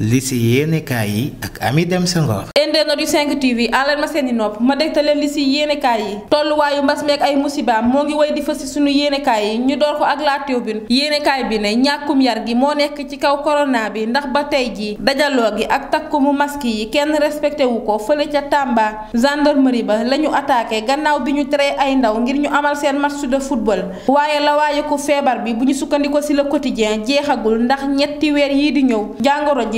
li si yéenekaay yi ak Ami Dem Senghor internet yu 5 TV alal ma seeni nopp ma dégtal leen li si yéenekaay yi tolluwaayu mbas meek ay musibaam moo ngi woy di fës si sunu yéenekaay yi ñu door ko ak La Tribune bi ne ñàkkum yar gi moo nekk ci kaw corona bi ndax ba tey jii dajaloo gi ak takku mu masque yi kenn respecté wu ko fële ca Tamba gendarmerie ba la ñu attaqué gannaaw bi ñu tere ay ndaw ngir ñu amal seen match de football waaye la waaye ko feebar bi bu ñu sukkandikoo si le quotidien jeexagul ndax ñetti weer yii di ñëw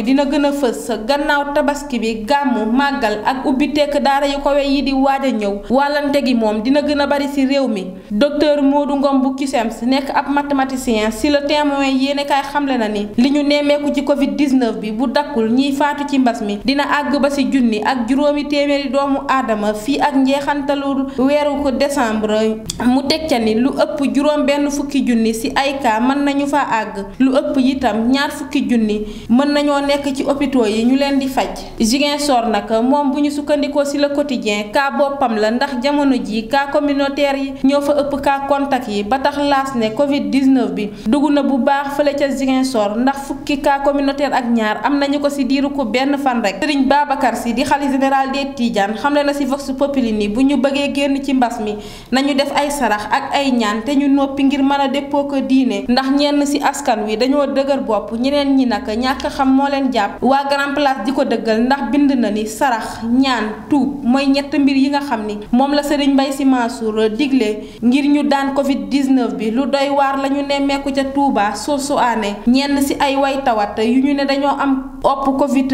dina gën a fës gannaaw tabaski bi gàmm màggal ak ubbi tekk daara yu kawe yi di waaj a ñëw wàllante gi moom dina gën a bari ci réew mi docteur moodu Ngom bu si nekk ab mathématicien ci le témoin yéene kaay xamle na ni li ñu nemmeeku ci covid 19 bi bu dakkul ñiy faatu ci mbas mi dina àgg ba ci junni ak juróomi téeméeri doomu aadama fii ak njeexantalu weeru ko décembre mu teg ni lu ëpp juróom benn fukki junni ci ay cas mën nañu fa àgg lu ëpp itam ñaar fukki nekk ci hôpitaux yi ñu leen di faj Ziguinchor nag moom bu ñu sukkandikoo ci le quotidien cas boppam la ndax jamono ji cas communautaire yi ñoo fa ëpp cas contact yi ba tax laas ne Covid 19 bi dugg na bu baax fële ca Ziguinchor ndax fukki cas communautaire ak ñaar am nañu ko ci diiru ko benn fan rek Serigne Babacar Sy di xalifa général des Tidianes xamle na ci Vox Populi nii bu ñu bëggee génn ci mbas mi nañu def ay sarax ak ay ñaan te ñu noppi ngir mën a déppoo ko diine ndax ñenn ci askan wi dañoo dëgër bopp leen jàpp waa grand place di ko déggal ndax bind na ni sarax ñaan tuub mooy ñett mbir yi nga xam ni moom la sëriñ Mbaye Sy Mansour digle ngir ñu daan Covid 19 bi lu doy waar la ñu nemmeeku ca Touba soo su aane ñenn si ay way tawat yu ñu ne dañoo am opp Covid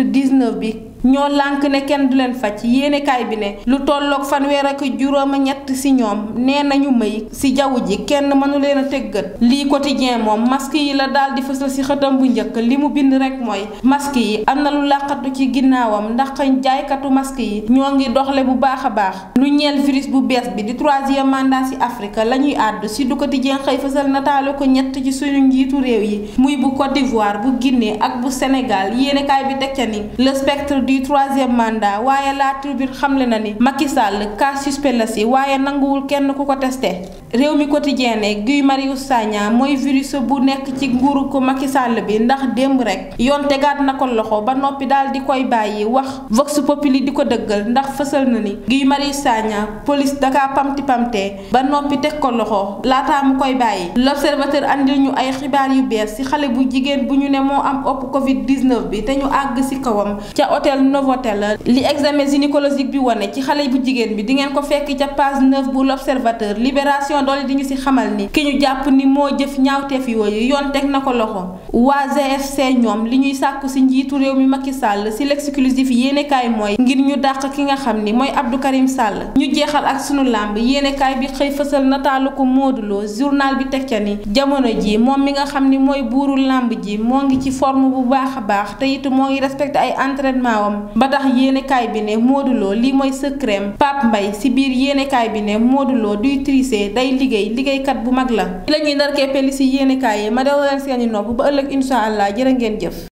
bi. ñoo lànk ne kenn du leen faj yéenekaay bi ne lu tolloog fanweer ak juróoma ñett ci ñoom nee nañu may ci jaww ji kenn mënu leen a tëggat lii quotidien moom masque yi la daal di fësal ci xëtam bu njëkk li mu bind rek mooy masque yi am na lu làqatu ci ginnaawam ndax jaaykatu masque yi ñoo ngi doxle bu baax a baax lu ñeel virus bu bees bi di troisième mandat ci Afrique la ñuy àdd ci du quotidien xëy fësal nataalu ko ñett ci suñu njiitu réew yi muy bu Côte d'Ivoire bu Guinée ak bu Sénégal yéenekaay bi teg di troisième mandat waaye la tribune xamle na ni Macky Sall cas suspect la si waaye nanguwul kenn ku ko testé. réew mi quotidien ne Guy Marius Sagna mooy virus bu nekk ci nguuru ko Macky Sall bi ndax démb rek yoon tegaat na ko loxo ba noppi daal di koy bàyyi wax vox populi di ko dëggal ndax fësal na ni Guy Marius Sagna police daka pamti pamte ba noppi teg ko loxo laataa mu koy bàyyi l'observateur andil ñu ay xibaar yu bees ci xale bu jigéen bu ñu ne moo am opp covid 19 bi te ñu àgg ci kawam ca hôtel Novotel li examen gynécologique bi wane ci xale bu jigéen bi di ngeen ko fekk ca page 9 bu l'observateur libération doole di ñu si xamal ni ki ñu jàpp ni moo jëf ñaawteef yooyu yoon teg na ko loxo waa GFC ñoom li ñuy sàkku si njiitu réew mi mag Macky Sall si l'exclusif yéenekaay mooy ngir ñu dàq ki nga xam ni mooy Abdou Karim Sall ñu jeexal ak sunu làmb yéenekaay bi xëy fësal nataalu ko Modou Lo bi teg ca ni jamono ji moom mi nga xam ni mooy buuru làmb ji moo ngi ci forme bu baax a baax te it moo ngi respecté ay entraînement wam ba tax yéenekaay bi ne Modou lii mooy secret Pape Mbaye si biir yéenekaay bi ne Modou Lo duy tricher liggéey liggéeykat bu mag la. ci la ñuy ndar keppee li ma delloo leen seeni nopp ba ëllëg incha allah jërë ngeen jëf.